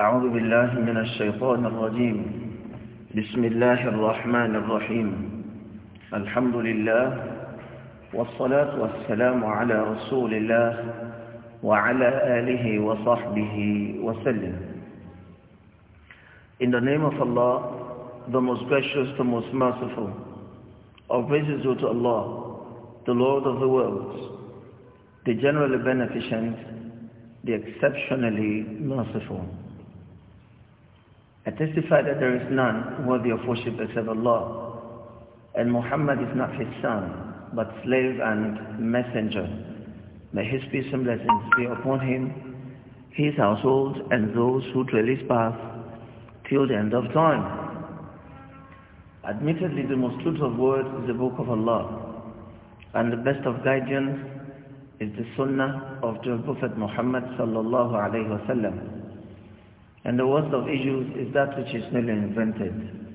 أعوذ بالله من الشيطان الرجيم بسم الله الرحمن الرحيم الحمد لله والصلاة والسلام على رسول الله وعلى آله وصحبه وسلم In the name of Allah, the most gracious, the most merciful, our praises due to Allah, the Lord of the worlds, the generally beneficent, the exceptionally merciful. I testify that there is none worthy of worship except Allah, and Muhammad is not his son, but slave and messenger. May his peace and blessings be upon him, his household, and those who trail his path till the end of time. Admittedly, the most truthful word is the Book of Allah, and the best of guidance is the Sunnah of the Prophet Muhammad sallallahu alaihi wasallam. And the worst of issues is that which is newly invented.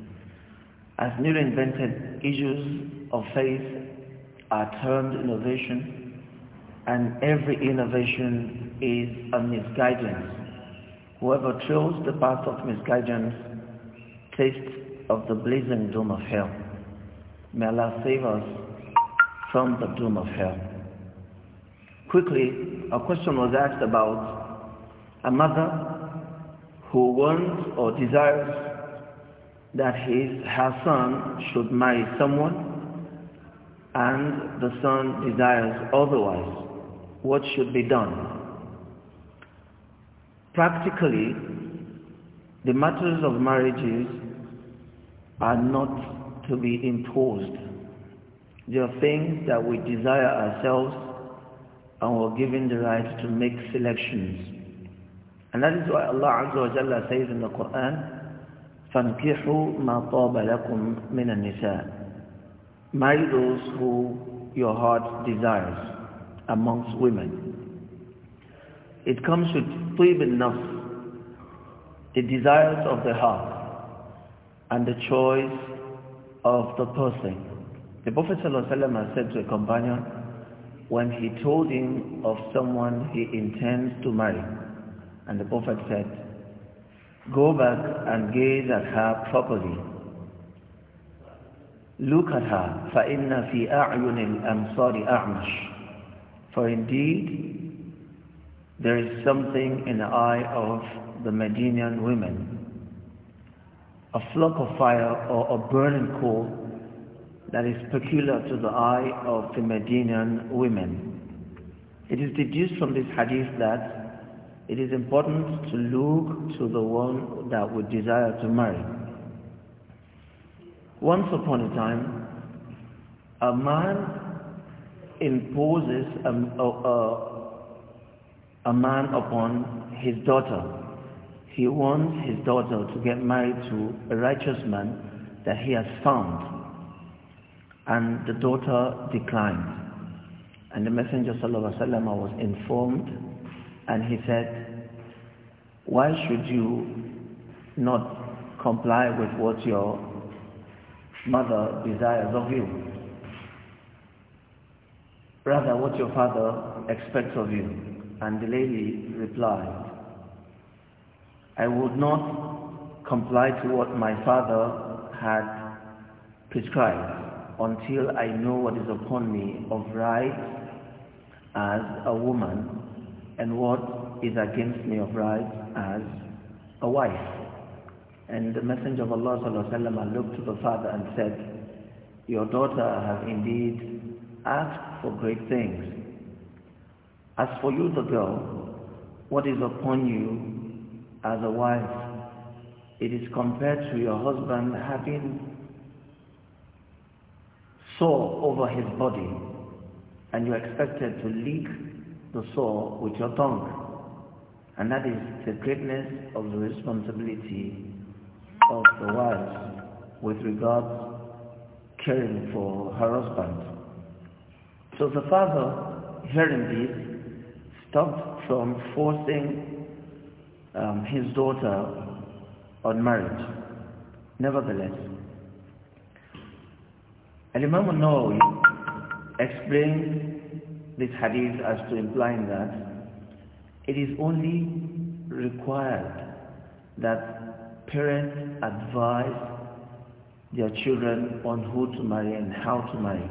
As newly invented issues of faith are termed innovation, and every innovation is a misguidance. Whoever trails the path of misguidance tastes of the blazing doom of hell. May Allah save us from the doom of hell. Quickly, a question was asked about a mother who wants or desires that his, her son should marry someone and the son desires otherwise, what should be done? Practically, the matters of marriages are not to be imposed. They are things that we desire ourselves and we're given the right to make selections and that is why Allah Azza wa Jalla says in the Quran, فَانْكِحُوا مَا طَابَ لَكُمْ مِنَ النِّسَاءِ Marry those who your heart desires amongst women. It comes with طيب النفس, the desires of the heart, and the choice of the person. The Prophet ﷺ said to a companion, when he told him of someone he intends to marry, and the Prophet said, Go back and gaze at her properly. Look at her. فَإِنَّ فِي أَعْيُنِ الْأَمْصَارِ أَعْمَشِ For indeed, there is something in the eye of the Medinian women. A flock of fire or a burning coal that is peculiar to the eye of the Medinian women. It is deduced from this hadith that it is important to look to the one that we desire to marry. Once upon a time, a man imposes a, a, a, man upon his daughter. He wants his daughter to get married to a righteous man that he has found. And the daughter declined. And the Messenger ﷺ was informed and he said, why should you not comply with what your mother desires of you? Rather, what your father expects of you. And the lady replied, I would not comply to what my father had prescribed until I know what is upon me of right as a woman and what is against me of right as a wife. And the Messenger of Allah وسلم, looked to the father and said, Your daughter has indeed asked for great things. As for you, the girl, what is upon you as a wife, it is compared to your husband having sore over his body and you expected to leak the soul with your tongue. And that is the greatness of the responsibility of the wives with regard caring for her husband. So the father, hearing this, stopped from forcing um, his daughter on marriage. Nevertheless, Al-Imam now nawawi explained this hadith as to implying that it is only required that parents advise their children on who to marry and how to marry.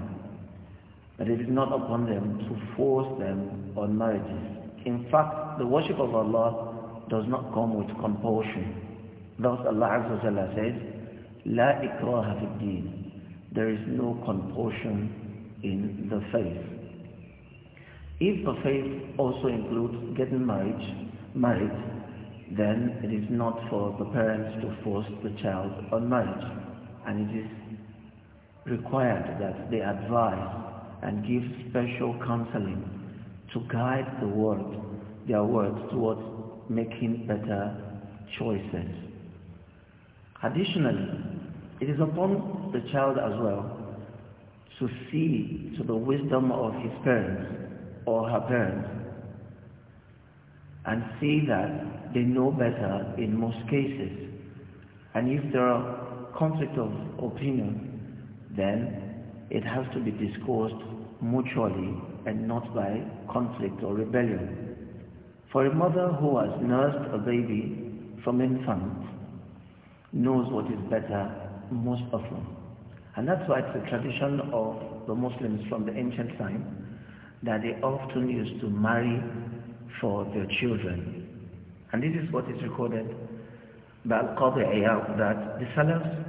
But it is not upon them to force them on marriages. In fact, the worship of Allah does not come with compulsion. Thus Allah Azza wa says, La ikraha fi There is no compulsion in the faith. If the faith also includes getting married, married, then it is not for the parents to force the child on marriage, and it is required that they advise and give special counseling to guide the world, their words towards making better choices. Additionally, it is upon the child as well to see to the wisdom of his parents or her parents and see that they know better in most cases. And if there are conflict of opinion, then it has to be discussed mutually and not by conflict or rebellion. For a mother who has nursed a baby from infant knows what is better most often. And that's why it's a tradition of the Muslims from the ancient time that they often used to marry for their children. And this is what is recorded by Al-Qadi Ayyab, that the sellers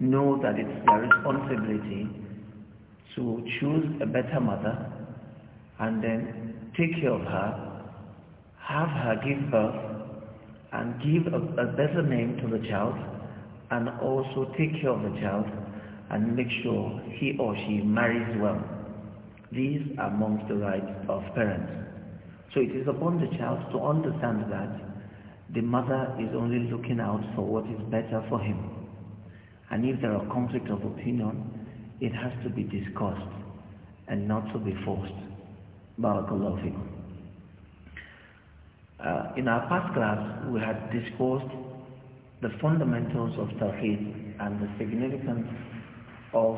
know that it's their responsibility to choose a better mother and then take care of her, have her give birth, and give a, a better name to the child, and also take care of the child and make sure he or she marries well. These are amongst the rights of parents. So it is upon the child to understand that the mother is only looking out for what is better for him. And if there are conflicts of opinion, it has to be discussed and not to be forced. Barakallahu fikum. Uh, in our past class, we had discussed the fundamentals of Tawheed and the significance of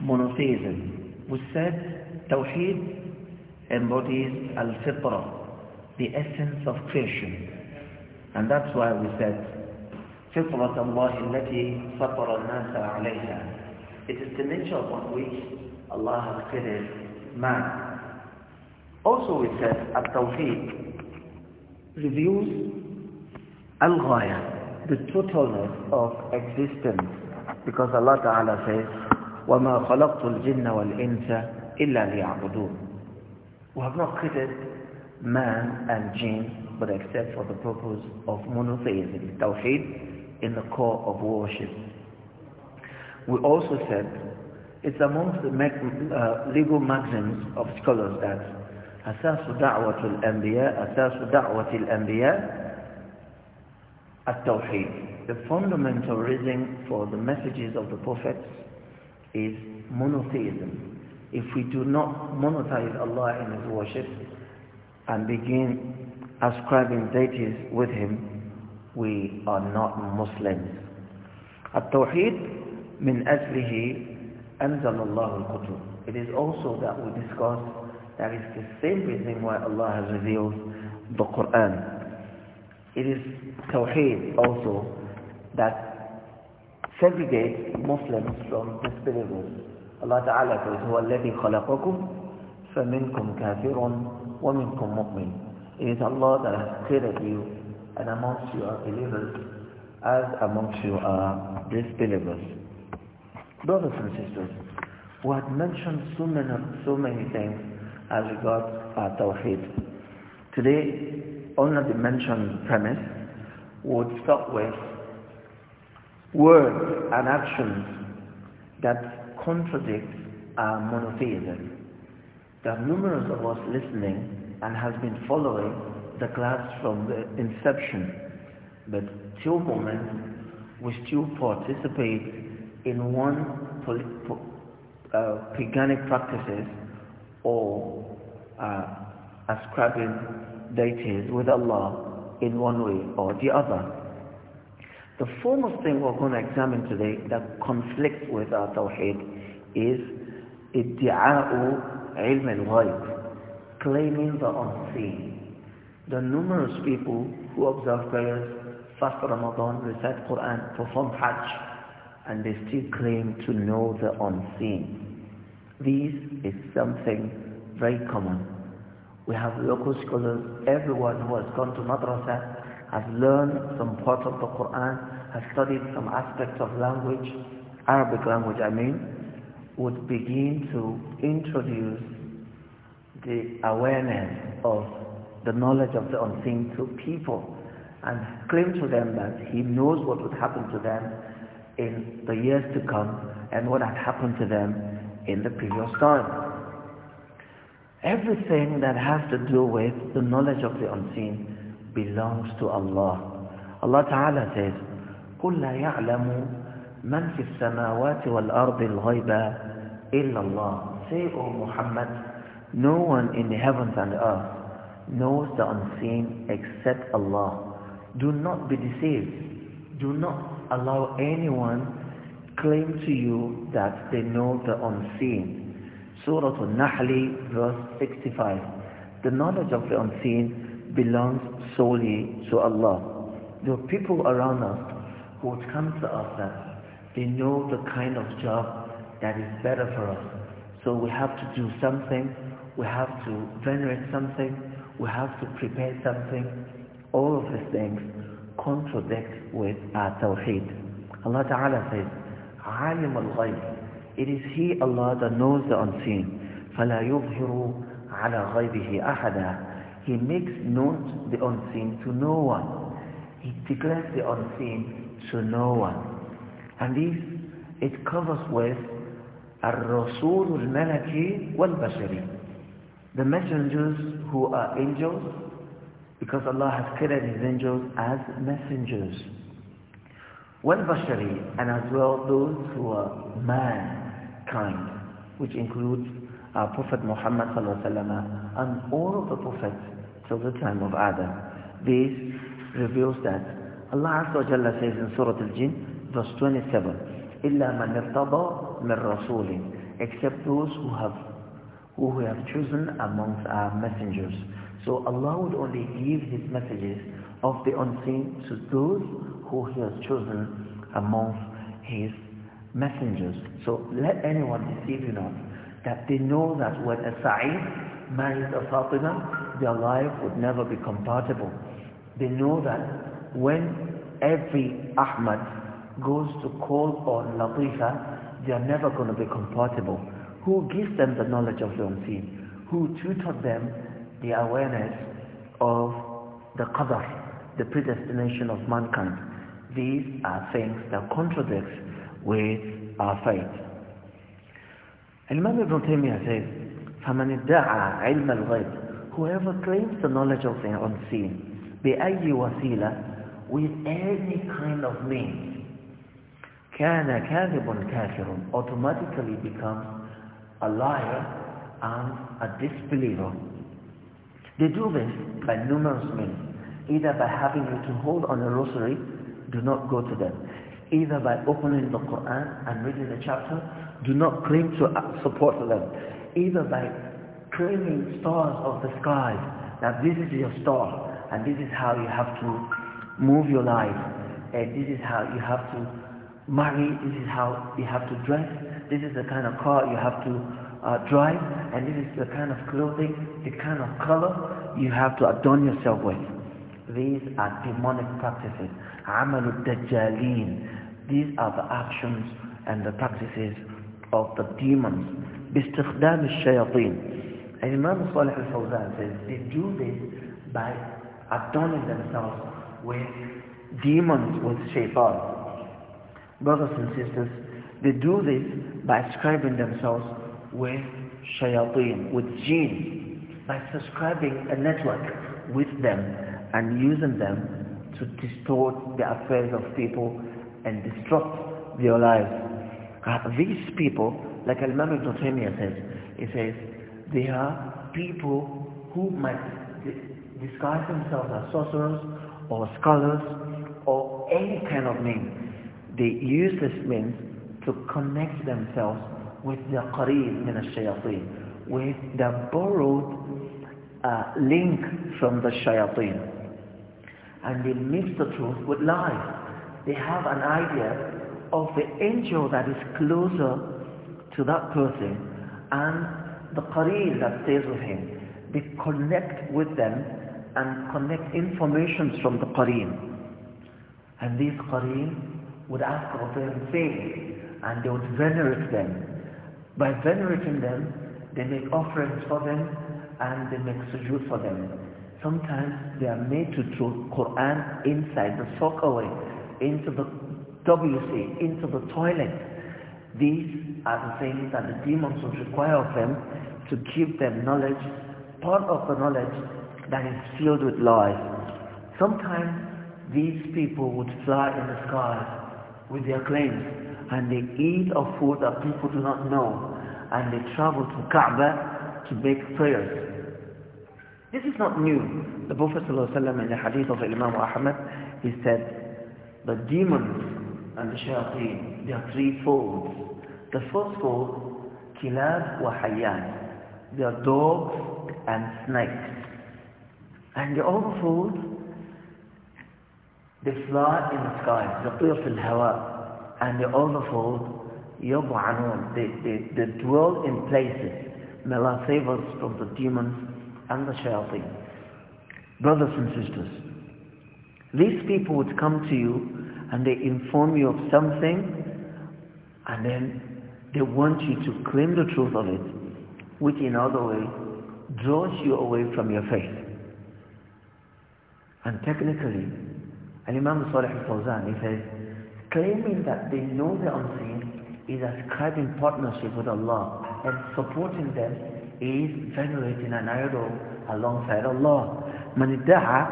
monotheism we said Tawheed embodies Al-Fitrah, the essence of creation. And that's why we said فطرة الله التي فطر الناس عليها. It is the nature upon which Allah has created man. Also we said At-Tawheed reviews al the totalness of existence. Because Allah Ta'ala says, وَمَا خَلَقْتُ الْجِنَّ وَالْإِنْسَ إِلَّا لِيَعْبُدُونَ We have not created man and jinn, but except for the purpose of monotheism, tawheed, in the core of worship. We also said it's amongst the uh, legal maxims of scholars that أساس دعوة الأنبياء أساس دعوة الأنبياء التوحيد the fundamental reason for the messages of the prophets is monotheism. If we do not monetize Allah in His worship and begin ascribing deities with Him, we are not Muslims. min من أجله Allah al-Kutub. الكتب. It is also that we discuss that is the same reason why Allah has revealed the Quran. It is Tawheed also that segregate Muslims from disbelievers. Allah Ta'ala says, هو الذي خلقكم فمنكم كافر ومنكم مؤمن. It is Allah that has created you and amongst you are believers as amongst you are disbelievers. Brothers and sisters, we had mentioned so many, so many things as regards our Tawheed. Today, only the mentioned premise would start with words and actions that contradict our monotheism. There are numerous of us listening and has been following the class from the inception, but till moment we still participate in one poly, po, uh, paganic practices or uh, ascribing deities with Allah in one way or the other. The foremost thing we're going to examine today that conflicts with our tawheed is iddia'u ilm al-ghayb, claiming the unseen. The numerous people who observe prayers, fast Ramadan, recite Quran, perform Hajj, and they still claim to know the unseen. This is something very common. We have local scholars, everyone who has gone to madrasa has learned some part of the Quran has studied some aspects of language, Arabic language I mean, would begin to introduce the awareness of the knowledge of the unseen to people and claim to them that he knows what would happen to them in the years to come and what had happened to them in the previous time. Everything that has to do with the knowledge of the unseen belongs to Allah. Allah Ta'ala says, قل يعلم من في السماوات والأرض إلا الله Say, O Muhammad, no one in the heavens and the earth knows the unseen except Allah. Do not be deceived. Do not allow anyone claim to you that they know the unseen. Surah An-Nahl, verse 65. The knowledge of the unseen belongs solely to Allah. The people around us what comes to us that they know the kind of job that is better for us. So we have to do something, we have to venerate something, we have to prepare something. All of these things contradict with our tawheed. Allah Ta'ala says, عالم الغيب. It is He, Allah, that knows the unseen. فَلَا يُظْهِرُ عَلَى غَيْبِهِ أَحَدًا He makes known the unseen to no one. He declares the unseen to no one. And this, it covers with الرسول الملكي والبشري The messengers who are angels, because Allah has created His angels as messengers. والبشري, and as well those who are mankind, which includes our Prophet Muhammad and all of the prophets till the time of Adam. This reveals that Allah Azza says in Surah Al-Jinn, verse 27, إِلَّا مَنْ ارْتَضَى مِنْ رَسُولٍ Except those who have, who have chosen amongst our messengers. So Allah would only give His messages of the unseen to those who He has chosen amongst His messengers. So let anyone deceive you not, that they know that when a Sa'id marries a Fatima, their life would never be compatible. They know that when every Ahmad goes to call on Latifa, they are never going to be compatible. Who gives them the knowledge of the unseen? Who tutored them the awareness of the qadar, the predestination of mankind? These are things that contradicts with our faith. Imam Ibn Taymiyyah says, فَمَنِ ادَّعَى عِلْمَ الْغَيْبِ Whoever claims the knowledge of the unseen, بِأَيِّ وَسِيلَةٍ with any kind of means, كَانَ كَاذِبٌ كَافِرٌ automatically becomes a liar and a disbeliever. They do this by numerous means, either by having you to hold on a rosary, do not go to them, either by opening the Quran and reading the chapter, do not claim to uh, support them, either by claiming stars of the sky, that this is your star, and this is how you have to move your life. And this is how you have to marry. This is how you have to dress. This is the kind of car you have to uh, drive. And this is the kind of clothing, the kind of color you have to adorn yourself with. These are demonic practices. عمل Dajjaleen. These are the actions and the practices of the demons. باستخدام الشياطين. And Imam Salih al-Fawzan says, they do this by adorning themselves with demons, with shaitan. Brothers and sisters, they do this by ascribing themselves with shayateen, with jinn, by subscribing a network with them and using them to distort the affairs of people and disrupt their lives. Uh, these people, like Al-Imam Ibn Taymiyyah says, he says, they are people who might disguise themselves as sorcerers or scholars or any kind of name. They use this means to connect themselves with the qareeb min al-shayateen, with the borrowed uh, link from the shayateen. And they mix the truth with lies. They have an idea of the angel that is closer to that person and the qareeb that stays with him. They connect with them and collect information from the Qareen. And these Qareen would ask of them things and they would venerate them. By venerating them, they make offerings for them and they make sujood for them. Sometimes they are made to throw Quran inside the sockaway, into the WC, into the toilet. These are the things that the demons would require of them to give them knowledge. Part of the knowledge that is filled with life. Sometimes these people would fly in the sky with their claims and they eat of food that people do not know and they travel to Kaaba to make prayers. This is not new. The Prophet ﷺ in the hadith of Imam Ahmad, he said, the demons and the shayateen, they are three folds. The first fold, kilab wa hayyan. They are dogs and snakes and also they fly in the sky يطير في الهواء and they also يضعنون they, they, they dwell in places May Allah save from the demons and the shayateen brothers and sisters these people would come to you and they inform you of something and then they want you to claim the truth of it which in other way draws you away from your faith and technically, and Imam Salih al-Fawzan, he says, claiming that they know the unseen is ascribing partnership with Allah and supporting them is venerating an idol alongside Allah. من ادعى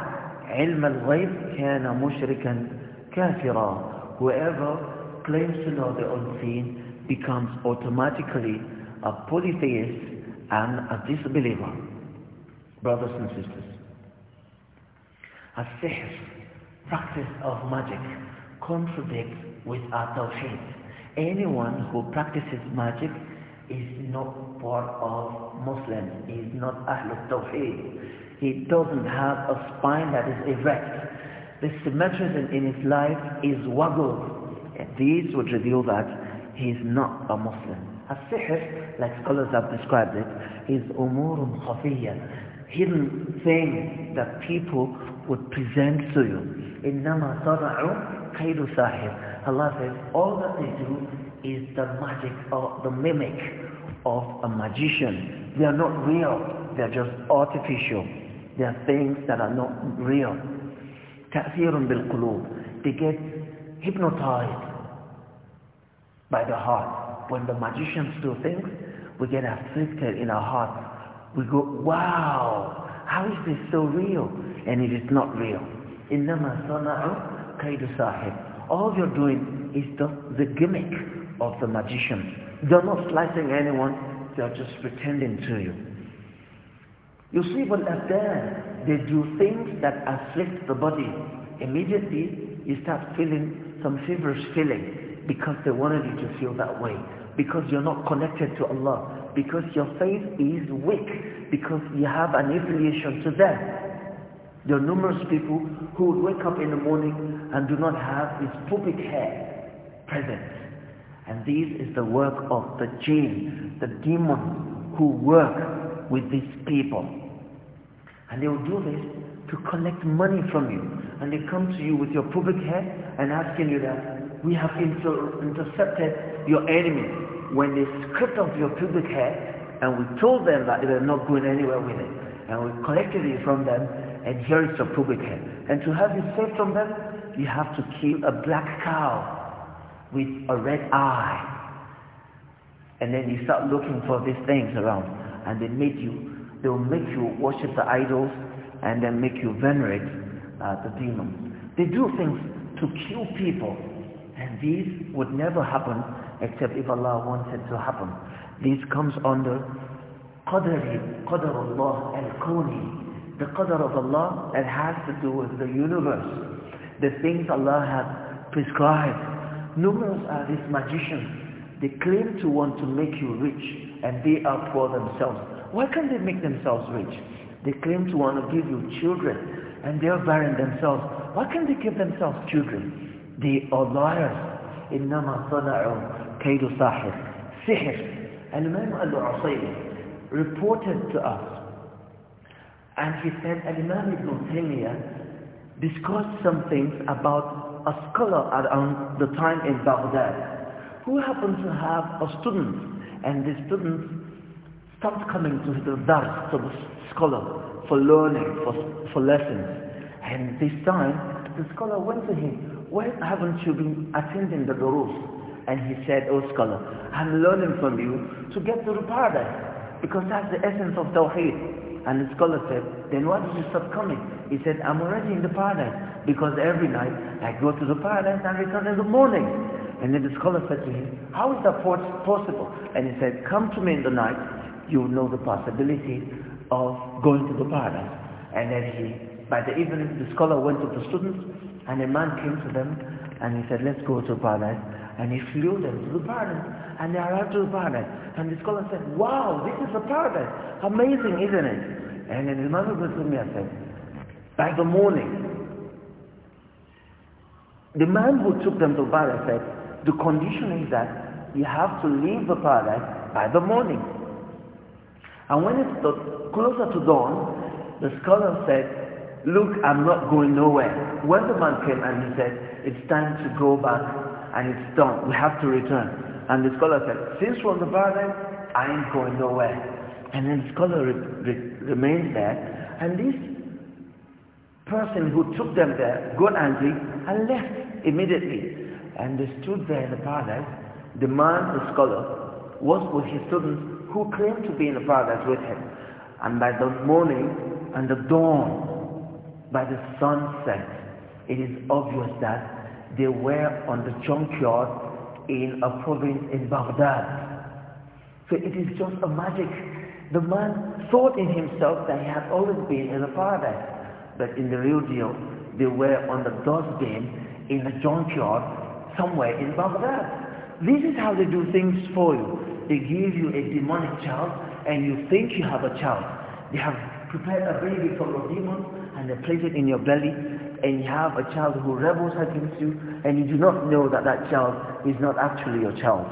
علم الغيب كان مشركا كافرا. Whoever claims to know the unseen becomes automatically a polytheist and a disbeliever. Brothers and sisters as practice of magic, contradicts with our tawheed. Anyone who practices magic is not part of Muslim, he is not Ahlul Tawheed. He doesn't have a spine that is erect. The symmetry in his life is wobbled. These would reveal that he is not a Muslim. as like scholars have described it, is umurun khafiyya hidden things that people would present to you. إِنَّمَا صَنَعُوا كَيْدُ sahib. Allah says, all that they do is the magic or the mimic of a magician. They are not real. They are just artificial. They are things that are not real. bil qulub. They get hypnotized by the heart. When the magicians do things, we get afflicted in our heart we go, wow, how is this so real? And it is not real. إِنَّمَا صَنَعُ كَيْدُ All you're doing is the, the gimmick of the magician. They're not slicing anyone, they're just pretending to you. You see when I've done? They do things that afflict the body. Immediately, you start feeling some feverish feeling because they wanted you to feel that way. Because you're not connected to Allah because your faith is weak, because you have an affiliation to them. There are numerous people who would wake up in the morning and do not have this pubic hair present. And this is the work of the jinn, the demon who work with these people. And they will do this to collect money from you. And they come to you with your pubic hair and asking you that, we have inter intercepted your enemy when they scraped off your pubic hair and we told them that they were not going anywhere with it and we collected it from them and here is your pubic hair. And to have it saved from them, you have to kill a black cow with a red eye. And then you start looking for these things around and they make you, they will make you worship the idols and then make you venerate uh, the demons. They do things to kill people and these would never happen except if Allah wants it to happen. This comes under qadari, qadar Allah al kuni The qadar of Allah, it has to do with the universe. The things Allah has prescribed. Numerous are these magicians. They claim to want to make you rich and they are poor themselves. Why can't they make themselves rich? They claim to want to give you children and they are barren themselves. Why can't they give themselves children? They are liars. إنما صنعوا كيد ساحر سحر الإمام العصيري reported to us and he said Al-Imam Ibn Taymiyyah discussed some things about a scholar around the time in Baghdad who happened to have a student and the student stopped coming to the dars, to the scholar for learning, for, for lessons and this time the scholar went to him why haven't you been attending the durus? And he said, O oh scholar, I'm learning from you to get to the paradise because that's the essence of Tawheed. And the scholar said, then why did you stop coming? He said, I'm already in the paradise because every night I go to the paradise and return in the morning. And then the scholar said to him, how is that possible? And he said, come to me in the night, you will know the possibility of going to the paradise. And then he, by the evening, the scholar went to the students and a man came to them and he said, let's go to paradise. And he flew them to the paradise. And they arrived to the paradise. And the scholar said, wow, this is a paradise. Amazing, isn't it? And then mother me Ibn said, by the morning, the man who took them to paradise said, the condition is that you have to leave the paradise by the morning. And when it got closer to dawn, the scholar said, look, I'm not going nowhere. When the man came and he said, it's time to go back and it's done. We have to return. And the scholar said, since from the paradise I ain't going nowhere. And then the scholar re re remained there. And this person who took them there got angry and left immediately. And they stood there in the paradise. The man, the scholar, was with his students who claimed to be in the paradise with him. And by the morning and the dawn, by the sunset, it is obvious that they were on the junkyard in a province in Baghdad. So it is just a magic. The man thought in himself that he had always been in the paradise. But in the real deal, they were on the dustbin in a junkyard somewhere in Baghdad. This is how they do things for you. They give you a demonic child and you think you have a child. They have prepared a baby from a demon and they place it in your belly and you have a child who rebels against you and you do not know that that child is not actually your child.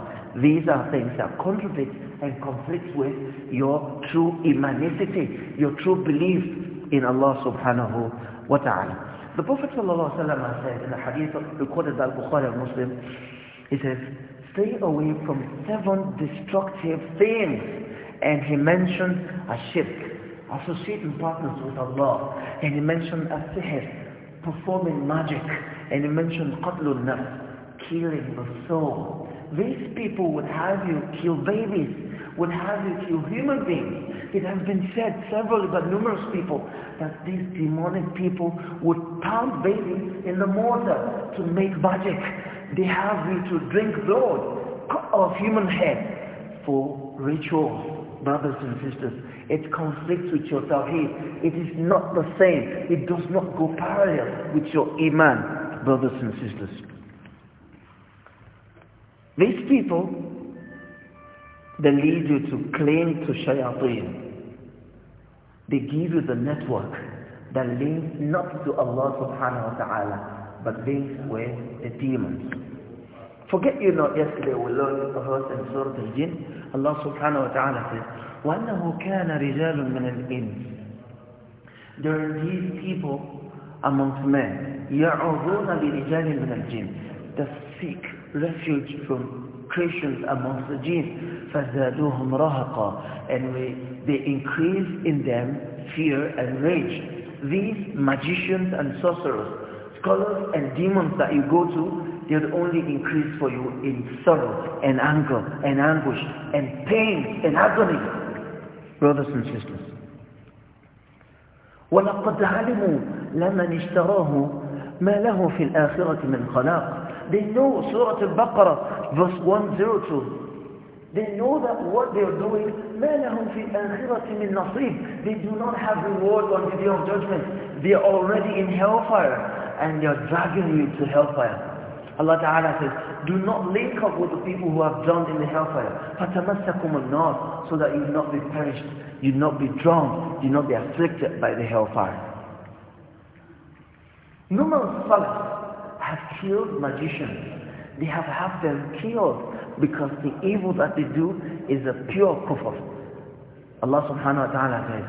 These are things that contradict and conflict with your true imanicity, your true belief in Allah subhanahu wa ta'ala. The Prophet sallallahu Alaihi Wasallam said in the hadith recorded by Bukhari and Muslim, he says, stay away from seven destructive things. And he mentioned a shirk, associating partners with Allah. And he mentioned a sihr, performing magic. And he mentioned qatlun nafs, killing the soul. These people would have you kill babies, would have you kill human beings. It has been said several by numerous people that these demonic people would pound babies in the mortar to make magic. They have you to drink blood of human head for rituals. Brothers and sisters, it conflicts with your tawheed. It is not the same. It does not go parallel with your iman, brothers and sisters. These people, they lead you to cling to shayateen. They give you the network that links not to Allah subhanahu wa ta'ala, but links with the demons. Forget you know, yesterday we learned about verse in Surah Al-Jinn Allah سبحانه وتعالى ta'ala says, وَأَنَّهُ كَانَ رِجَالٌ مِنَ الْإِنْسِ There are these people amongst men, يَعُوذُونَ بِرِجَالٍ مِنَ الْجِنِّ That seek refuge from Christians amongst the jinn. فَزَادُوهُمْ رَهَقًا And we, they increase in them fear and rage. These magicians and sorcerers, scholars and demons that you go to, they will only increase for you in sorrow and anger and anguish and pain and agony. Brothers and sisters. وَلَقَدْ عَلِمُوا لَمَنْ اشْتَرَاهُ مَا لَهُ فِي الْآخِرَةِ مِنْ خَلَاقٍ They know Surah Al-Baqarah verse 102. They know that what they are doing, مَا لَهُمْ فِي الْآخِرَةِ مِنْ نَصِيبٍ They do not have reward on the Day of Judgment. They are already in hellfire and they are dragging you to hellfire. Allah Ta'ala says, do not link up with the people who have drowned in the hellfire. فَتَمَسَّكُمُ النَّارِ So that you will not be perished, you will not be drowned, you not be afflicted by the hellfire. Numerous scholars have killed magicians. They have had them killed because the evil that they do is a pure kufr. Allah subhanahu wa ta'ala says,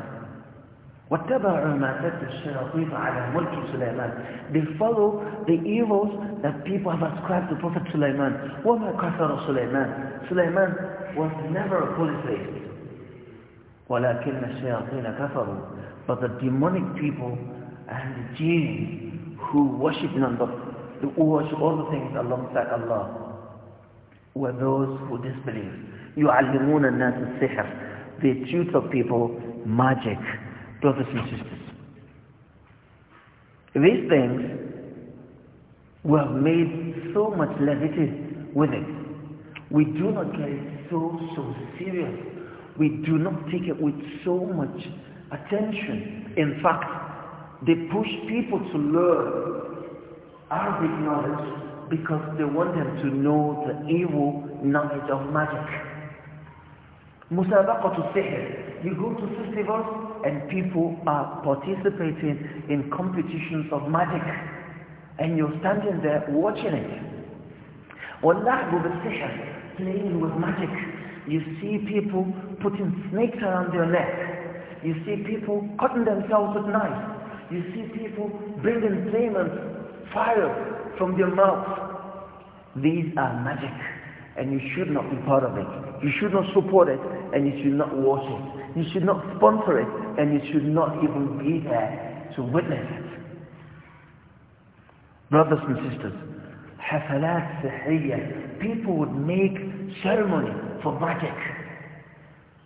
وَاتَّبَعُوا مَا تَتْلُو الشَّيَاطِينُ عَلَى مُلْكِ سُلَيْمَانَ They follow the evils that people have ascribed to Prophet Sulaiman. وَمَا كَفَرَ Sulaiman. Sulaiman was never a polytheist. وَلَكِنَّ الشَّيَاطِينَ كَفَرُوا But the demonic people and the jinn who worship number, who worship all the things alongside Allah, were those who disbelieved. يُعَلِّمُونَ النَّاسِ السِّحْرِ They tutor people magic brothers and sisters. These things we have made so much levity with it. We do not take it so, so serious. We do not take it with so much attention. In fact, they push people to learn Arabic knowledge because they want them to know the evil knowledge of magic. Musabaqatu sihr. You go to festivals, and people are participating in competitions of magic and you're standing there watching it. وَاللَّعْبُ بِالسِّحْرِ Playing with magic. You see people putting snakes around their neck. You see people cutting themselves with knives. You see people bringing flame and fire from their mouth. These are magic and you should not be part of it. You should not support it and you should not watch it. You should not sponsor it, and you should not even be there to witness it. Brothers and sisters, hafalat سحرية. People would make ceremony for magic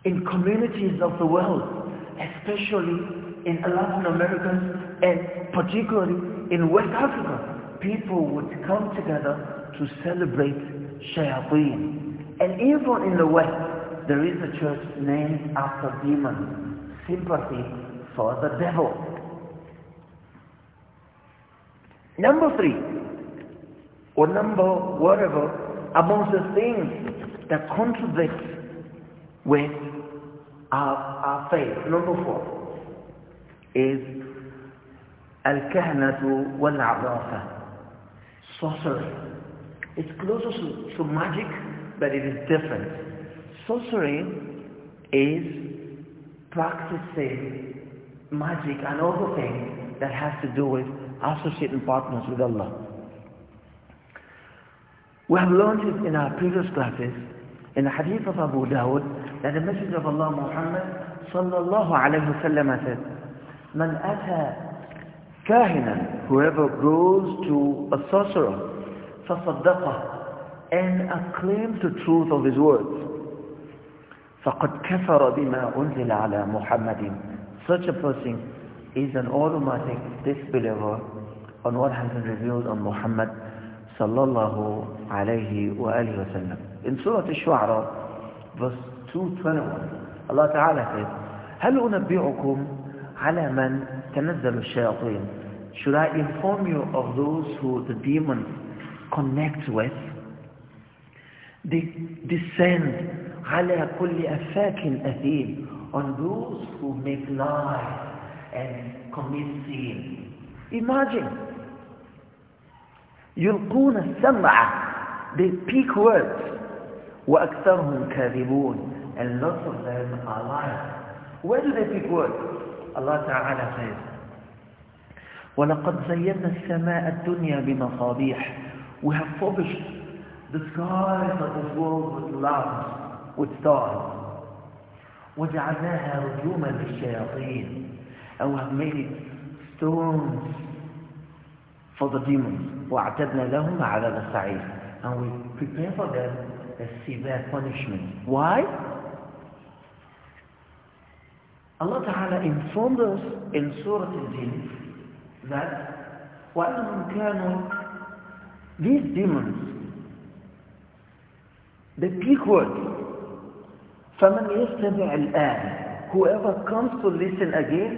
in communities of the world, especially in Latin America and particularly in West Africa. People would come together to celebrate shayateen. And even in the West, there is a church named after demons, sympathy for the devil. Number three, or number whatever, amongst the things that contradict with our, our faith. Number four is al-kahnatu wal sorcery. It's closer to, to magic, but it is different. Sorcery is practicing magic and all the things that has to do with associating partners with Allah. We have learned it in our previous classes in the hadith of Abu Dawud that the message of Allah Muhammad sallallahu alayhi wa sallam said, Man ata kahinan, whoever goes to a sorcerer, fasaddaqah, and acclaims the truth of his words. فَقَدْ كَفَرَ بِمَا أُنزِلَ عَلَى مُحَمَّدٍ Such a person is an automatic disbeliever on what has been revealed on Muhammad sallallahu alayhi wa In Surah Al-Shu'ara, verse 221, Allah تعالى says, هَلْ أُنَبِّعُكُمْ عَلَى مَنْ تَنَزَّلُ الشَّيَاطِينَ Should I inform you of those who the demons connect with? They descend على كل أفاك أثيم on those who make lies and commit sin. Imagine يلقون السمع they speak words وأكثرهم كاذبون and lots of them are liars. Where do they speak words? Allah Ta'ala says ولقد زينا السماء الدنيا بمصابيح We have published the skies of this world with lamps والثار وجعلناها رجوما للشياطين أو have made it stones for the demons وأعتدنا لهم عذاب السعير and we prepare for them a severe punishment why? Allah Ta'ala informed us in Surah Al-Jinn that وَأَنَّهُمْ كَانُوا These demons, the peak word فمن يستمع الآن whoever comes to listen again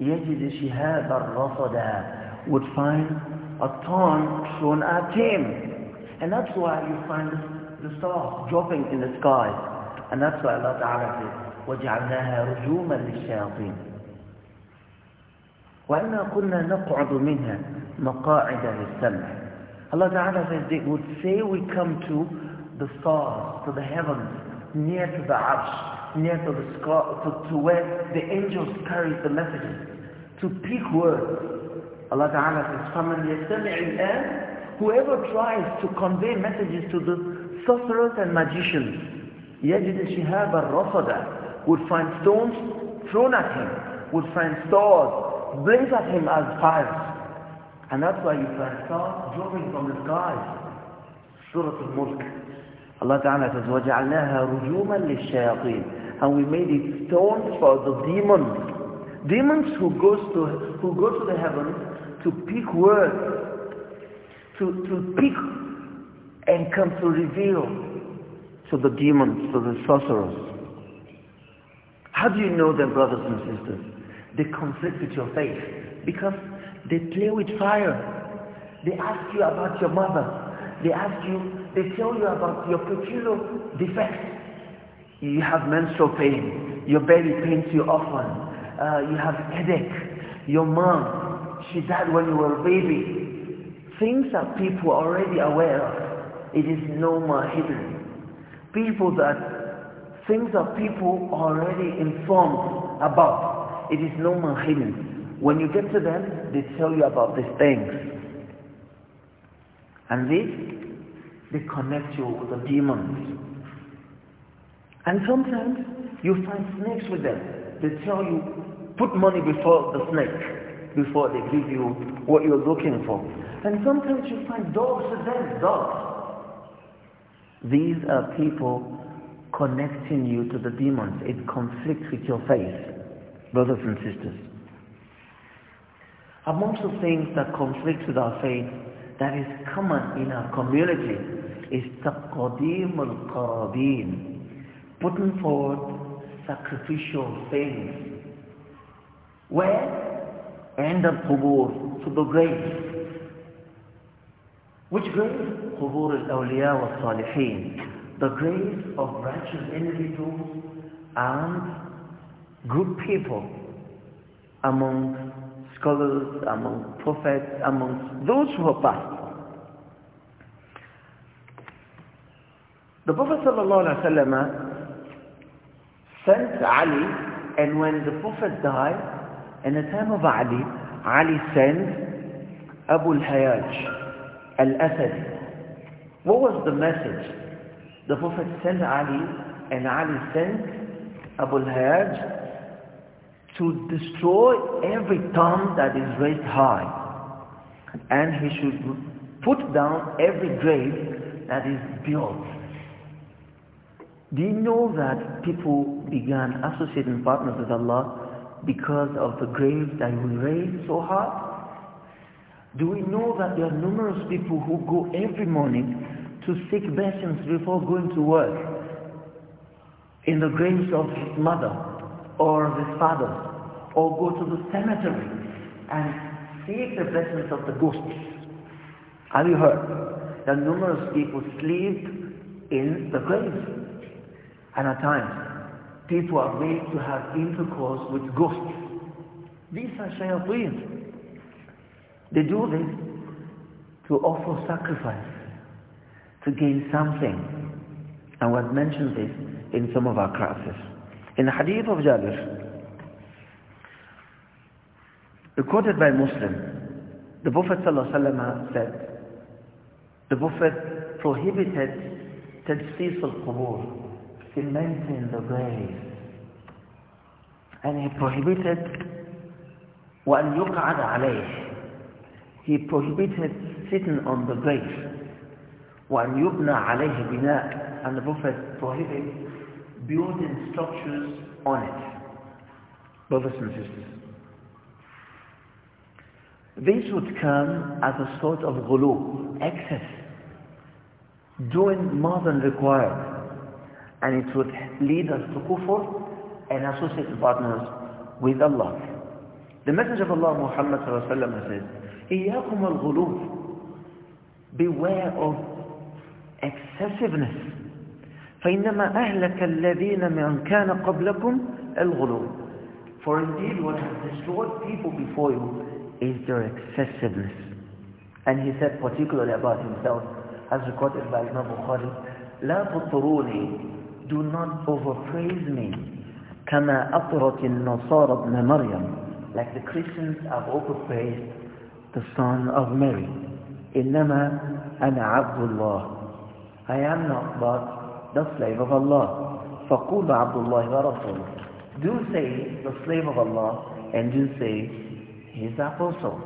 يجد شهابا رصدا would find a thorn thrown at him and that's why you find the stars dropping in the sky and that's why Allah Ta'ala says وَجَعَلْنَاهَا رُجُومًا لِلشَّيَاطِينَ وَإِنَّا قُلْنَا نَقْعُدُ مِنْهَا مَقَاعِدَ لِلسَّمْعِ Allah Ta'ala says they would say we come to the stars, to the heavens near to the arsh, near to the scroll, to, to where the angels carry the messages, to peak words. Allah Ta'ala says, فَمَنْ Whoever tries to convey messages to the sorcerers and magicians, يَجِدِ شِهَابَ الرَّصَدَ would find stones thrown at him, would find stars blazed at him as fires. And that's why you find stars dropping from the sky, Surah Al-Mulk. Allah Ta'ala says, وَجَعَلْنَاهَا رُجُومًا لِلشَّيَاطِينَ And we made it stones for the demons. Demons who, goes to, who go to the heavens to pick words, to, to pick and come to reveal to the demons, to the sorcerers. How do you know them, brothers and sisters? They conflict with your faith because they play with fire. They ask you about your mother. They ask you they tell you about your peculiar defects. You have menstrual pain. Your belly pains you often. Uh, you have headache. Your mom, she died when you were a baby. Things that people are already aware of. It is no more hidden. People that, things that people are already informed about. It is no more hidden. When you get to them, they tell you about these things. And this they connect you with the demons. And sometimes you find snakes with them. They tell you, put money before the snake, before they give you what you're looking for. And sometimes you find dogs with them, dogs. These are people connecting you to the demons. It conflicts with your faith, brothers and sisters. Amongst the things that conflict with our faith that is common in our community is taqadim al-qarabin, putting forward sacrificial things. Where? End of qubur, to the grave. Which grave? Qubur al-awliya wa salihin. The grave of righteous individuals and good people among scholars, among prophets, among those who have passed. The Prophet ﷺ sent Ali, and when the Prophet died, in the time of Ali, Ali sent Abu al-Hayaj al-Asadi. What was the message? The Prophet sent Ali, and Ali sent Abu al-Hayaj to destroy every tomb that is raised high, and he should put down every grave that is built. Do you know that people began associating partners with Allah because of the graves that will raised so high? Do we know that there are numerous people who go every morning to seek blessings before going to work in the graves of his mother, or the father, or go to the cemetery and seek the presence of the ghosts. Have you heard that numerous people sleep in the graves? And at times, people are made to have intercourse with ghosts. These are shayateen. They do this to offer sacrifice, to gain something. And we've mentioned this in some of our classes in the hadith of Jabir, recorded by Muslim, the Prophet ﷺ said, the Prophet prohibited al-qubur, cementing the grave, And he prohibited وأن يقعد عليه. He prohibited sitting on the grave. وأن يبنى عليه بناء. And the Prophet prohibited building structures on it. Brothers and sisters, this would come as a sort of ghulu, excess, doing more than required. And it would lead us to kufr and associate partners with Allah. The message of Allah Muhammad says, إِيَّاكُمَ الْغُلُوبِ Beware of excessiveness فإنما أهلك الذين من كان قبلكم الغلو For indeed what has destroyed people before you is their excessiveness. And he said particularly about himself, as recorded by Imam Bukhari, لا تطروني, do not overpraise me, كما أطرت النصارى ابن مريم, like the Christians have overpraised the son of Mary. إنما أنا عبد الله. I am not but the slave of Allah. فَقُولُ عَبْدُ اللَّهِ وَرَسُولُهُ Do say the slave of Allah and do say his apostle.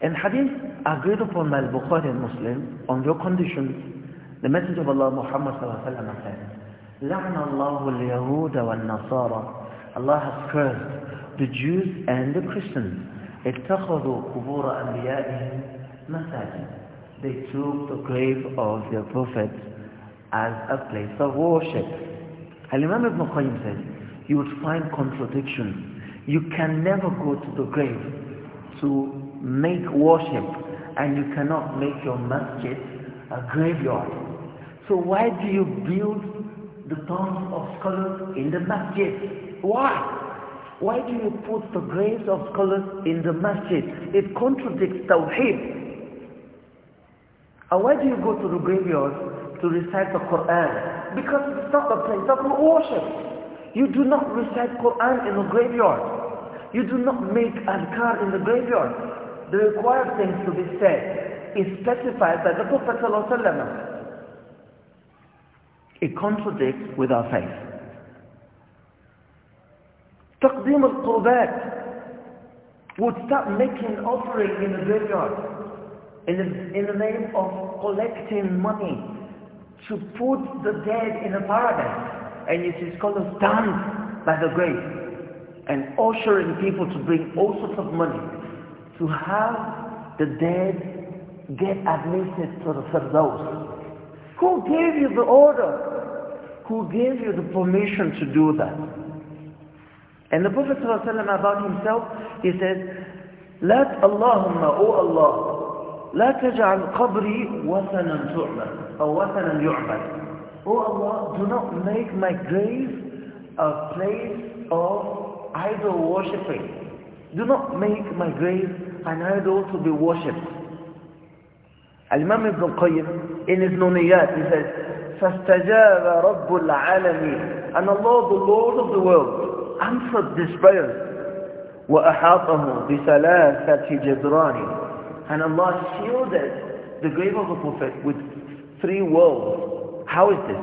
And hadith agreed upon by Bukhari and Muslim on your conditions, the message of Allah Muhammad said, لَعْنَ اللَّهُ الْيَهُودَ وَالنَّصَارَى Allah has cursed the Jews and the Christians. اتَّخَذُوا قُبُورَ أَنْبِيَائِهِمْ مَسَاجِدَ They took the grave of their prophets as a place of worship. Al-Imam Ibn Qayyim you would find contradictions. You can never go to the grave to make worship and you cannot make your masjid a graveyard. So why do you build the tombs of scholars in the masjid? Why? Why do you put the graves of scholars in the masjid? It contradicts Tawheed. And why do you go to the graveyard to recite the Quran because it's not a place of worship. You do not recite Quran in the graveyard. You do not make adhkar in the graveyard. The required things to be said is specified by the Prophet ﷺ. It contradicts with our faith. Taqdeem al-Qurbat would start making offering in the graveyard in the, in the name of collecting money to put the dead in a paradise. And it is called a dance by the grave. And ushering people to bring all sorts of money to have the dead get admitted to the Firdaus. Who gave you the order? Who gave you the permission to do that? And the Prophet ﷺ about himself, he says, "Let Allahumma, O Allah, لا تجعل قبري وثنا تعمل أو Oh Allah, do not make my grave a place of idol worshipping. Do not make my grave an idol to be worshipped. Al-Imam Ibn Qayyim, in his Nuniyat, he says, فَاسْتَجَابَ رَبُّ الْعَالَمِينَ And Allah, the Lord of the world, answered this prayer. وَأَحَاطَهُ بِثَلَاثَةِ جَدْرَانِ And Allah shielded the grave of the Prophet with three worlds. How is this?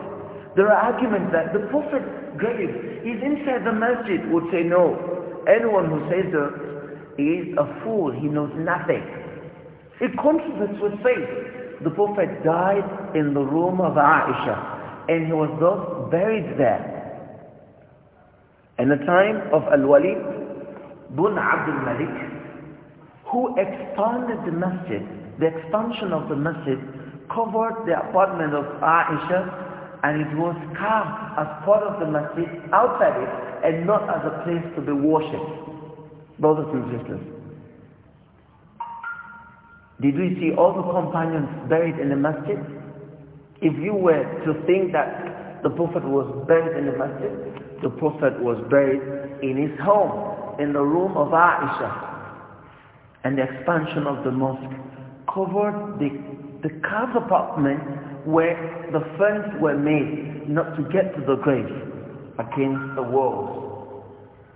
There are arguments that the Prophet grave is inside the masjid would say no. Anyone who says that is a fool. He knows nothing. It contradicts with faith. The Prophet died in the room of Aisha and he was thus buried there. In the time of Al-Walid bin Abdul Malik, who expanded the masjid, the expansion of the masjid covered the apartment of Aisha and it was carved as part of the masjid outside it and not as a place to be worshipped. Brothers and sisters, did we see all the companions buried in the masjid? If you were to think that the Prophet was buried in the masjid, the Prophet was buried in his home, in the room of Aisha. And the expansion of the mosque covered the the carved apartment where the ferns were made not to get to the grave against the walls.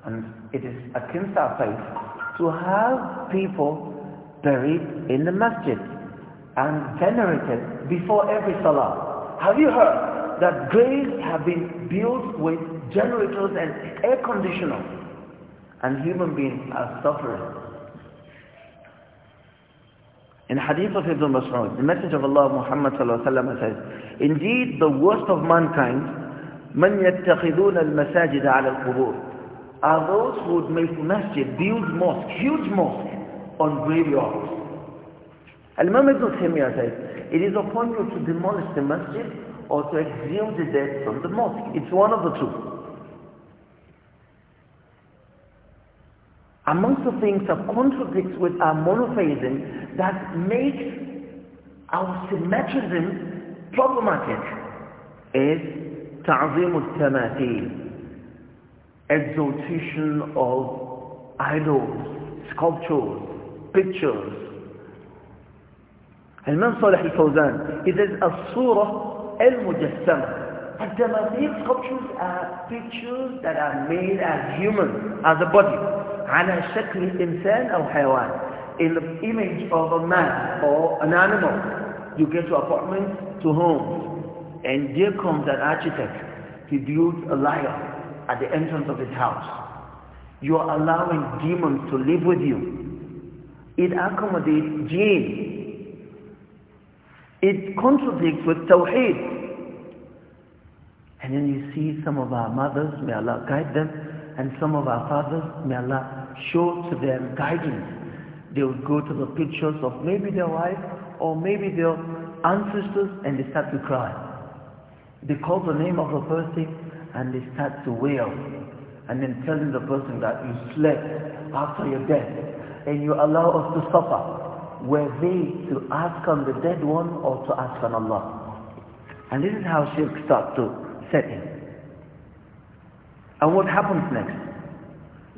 And it is against our faith to have people buried in the masjid and venerated before every salah. Have you heard that graves have been built with generators and air conditioners and human beings are suffering in hadith of Ibn Mas'ud, the message of Allah Muhammad says, Indeed, the worst of mankind, من يتخذون المساجد على القبور, are those who would make masjid, build mosque, huge mosque, on graveyards. Al-Imam Ibn Taymiyyah says, It is upon you to demolish the masjid or to exhume the dead from the mosque. It's one of the two. amongst the things that contradicts with our monotheism that makes our symmetrism problematic is تعظيم التماثيل, exaltation of idols, sculptures, pictures. المن صالح الفوزان he says al المجسمة but the Masih sculptures are uh, pictures that are made as human, as a body. على شكل إنسان أو حيوان. In the image of a man or an animal, you get to apartments, to homes. And there comes an architect. He builds a lion at the entrance of his house. You are allowing demons to live with you. It accommodates jinn. It contradicts with tawheed and then you see some of our mothers, may Allah guide them, and some of our fathers, may Allah show to them guidance. They would go to the pictures of maybe their wife or maybe their ancestors and they start to cry. They call the name of the person and they start to wail and then telling the person that you slept after your death and you allow us to suffer. Were they to ask on the dead one or to ask on Allah? And this is how shirk starts to set in. And what happens next?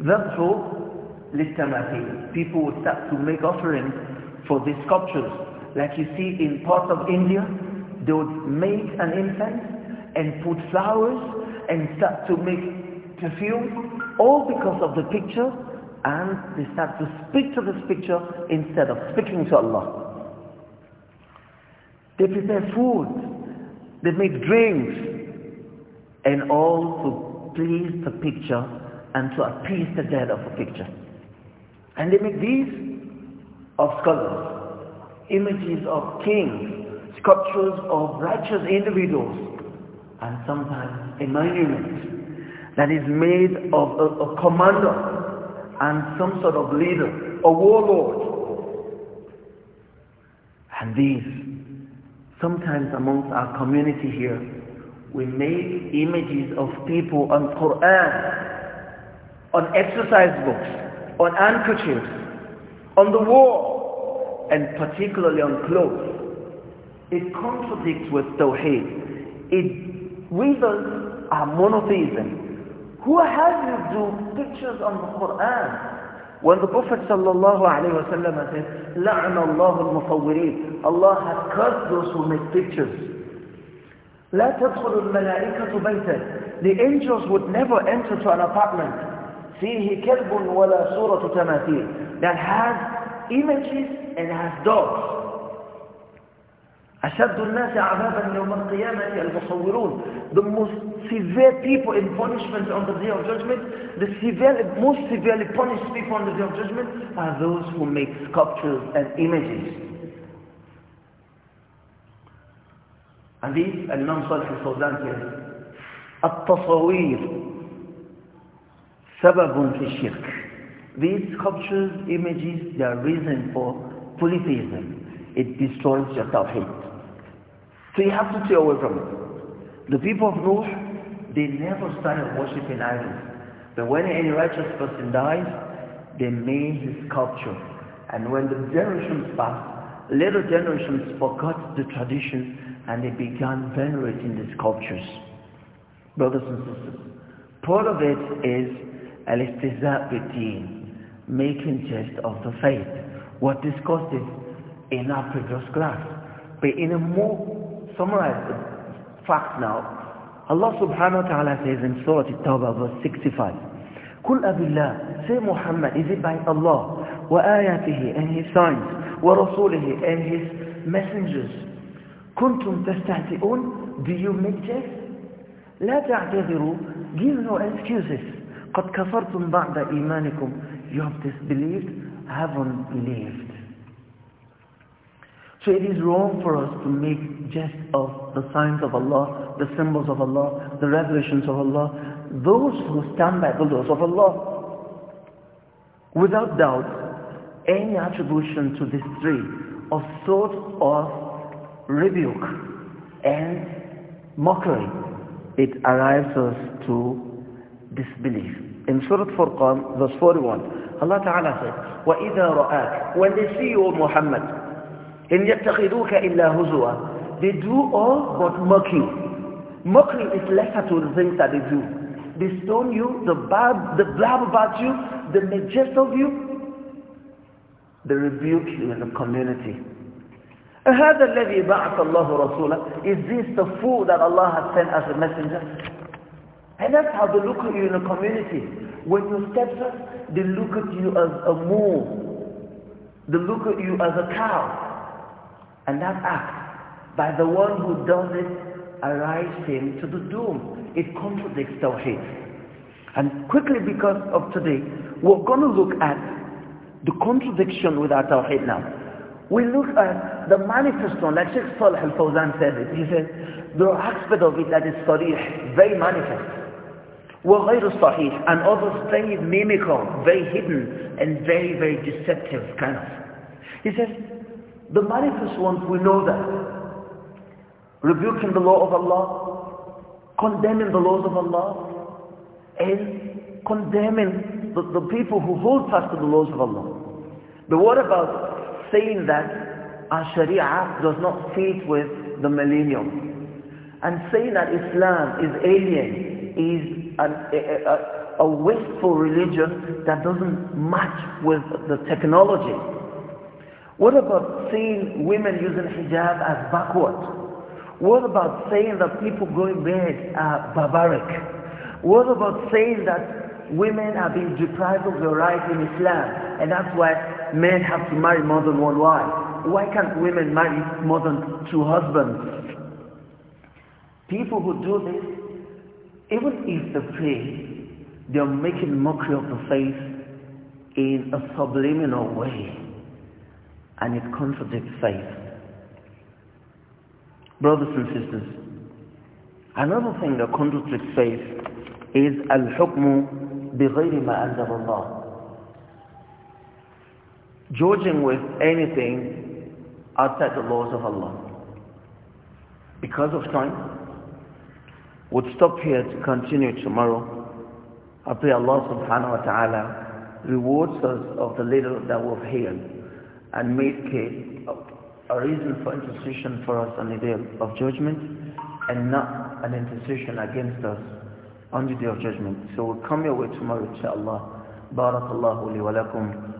ذَبْحُ لِلْتَمَاثِيلِ People will start to make offerings for these sculptures. Like you see in parts of India, they would make an incense and put flowers and start to make perfume, all because of the picture, and they start to speak to this picture instead of speaking to Allah. They prepare food, they make drinks, and all to please the picture and to appease the dead of a picture. And they make these of scholars, images of kings, sculptures of righteous individuals, and sometimes a monument that is made of a, a commander and some sort of leader, a warlord. And these, sometimes amongst our community here, we make images of people on Quran, on exercise books, on handkerchiefs, on the wall, and particularly on clothes. It contradicts with Tawheed. It reasons are monotheism. Who has you do pictures on the Quran? When the Prophet sallallahu alaihi wasallam says, "La'na Allah al-musawwirin," Allah has cursed those who make pictures. لا تدخل الملائكة بيتا The angels would never enter to an apartment فيه كلب ولا صورة تماثيل that has images and has dogs أشد الناس عذابا يوم القيامة المصورون The most severe people in punishment on the day of judgment The severe, most severely punished people on the day of judgment Are those who make sculptures and images And this Imam Salih al-Fawzan says, التصوير سبب في الشرك These sculptures, images, they are reason for polytheism. It destroys your tawhid. So you have to stay away from it. The people of Nuh, they never started worshipping idols. But when any righteous person dies, they made his sculpture. And when the generations passed, later generations forgot the tradition and they began venerating the sculptures. Brothers and sisters, part of it is making jest of the faith. What discussed it in our previous class. But in a more summarized fact now, Allah subhanahu wa ta'ala says in Surah At-Tawbah verse 65, قل أبي say Muhammad, is it by Allah, wa وآياته and his signs, wa ورسوله and his messengers, كنتم تستهزئون do you make jest لا تعتذروا give no excuses قد كفرتم بعد إيمانكم you have disbelieved haven't believed so it is wrong for us to make jest of the signs of Allah the symbols of Allah the revelations of Allah those who stand by the laws of Allah without doubt any attribution to these three of thought of rebuke, and mockery, it arrives us to disbelief. In Surah Furqan, verse 41, Allah Ta'ala said, When they see you, Muhammad, إِن يَتَّخِذُوكَ إِلَّا هُزُوَا They do all but mock you. Mockery is lesser to the things that they do. They stone you, the, bad, the blab about you, the majest of you, they rebuke you in the community. هذا الذي بعث الله رسوله is this the food that Allah has sent as a messenger and that's how they look at you in the community when you step up they look at you as a mule they look at you as a cow and that act by the one who does it arrives him to the doom it contradicts tawheed and quickly because of today we're going to look at the contradiction with our tawheed now we look at the manifest one, like Sheikh Salih al-Fawzan said it. He said, the aspect of it that is sarih, very manifest. وغير صحيح and others very mimical, very hidden and very, very deceptive kind of. He says, the manifest ones, we know that. Rebuking the law of Allah, condemning the laws of Allah, and condemning the, the people who hold fast to the laws of Allah. But what about saying that our Sharia does not fit with the millennium and saying that Islam is alien, is an, a, a, a wasteful religion that doesn't match with the technology. What about saying women using hijab as backward? What about saying that people going bed are barbaric? What about saying that women are being deprived of their rights in Islam and that's why men have to marry more than one wife? Why can't women marry more than two husbands? People who do this, even if they pray, they're making mockery of the faith in a subliminal way. And it contradicts faith. Brothers and sisters, another thing that contradicts faith is al-hukmu ghayri ma أنزل الله judging with anything outside the laws of Allah. Because of time, would we'll stop here to continue tomorrow. I pray Allah subhanahu wa ta'ala rewards us of the little that we've heard and make it a reason for intercession for us on the day of judgment and not an intercession against us on the day of judgment. So we'll come your way tomorrow inshaAllah. بارك الله لي ولكم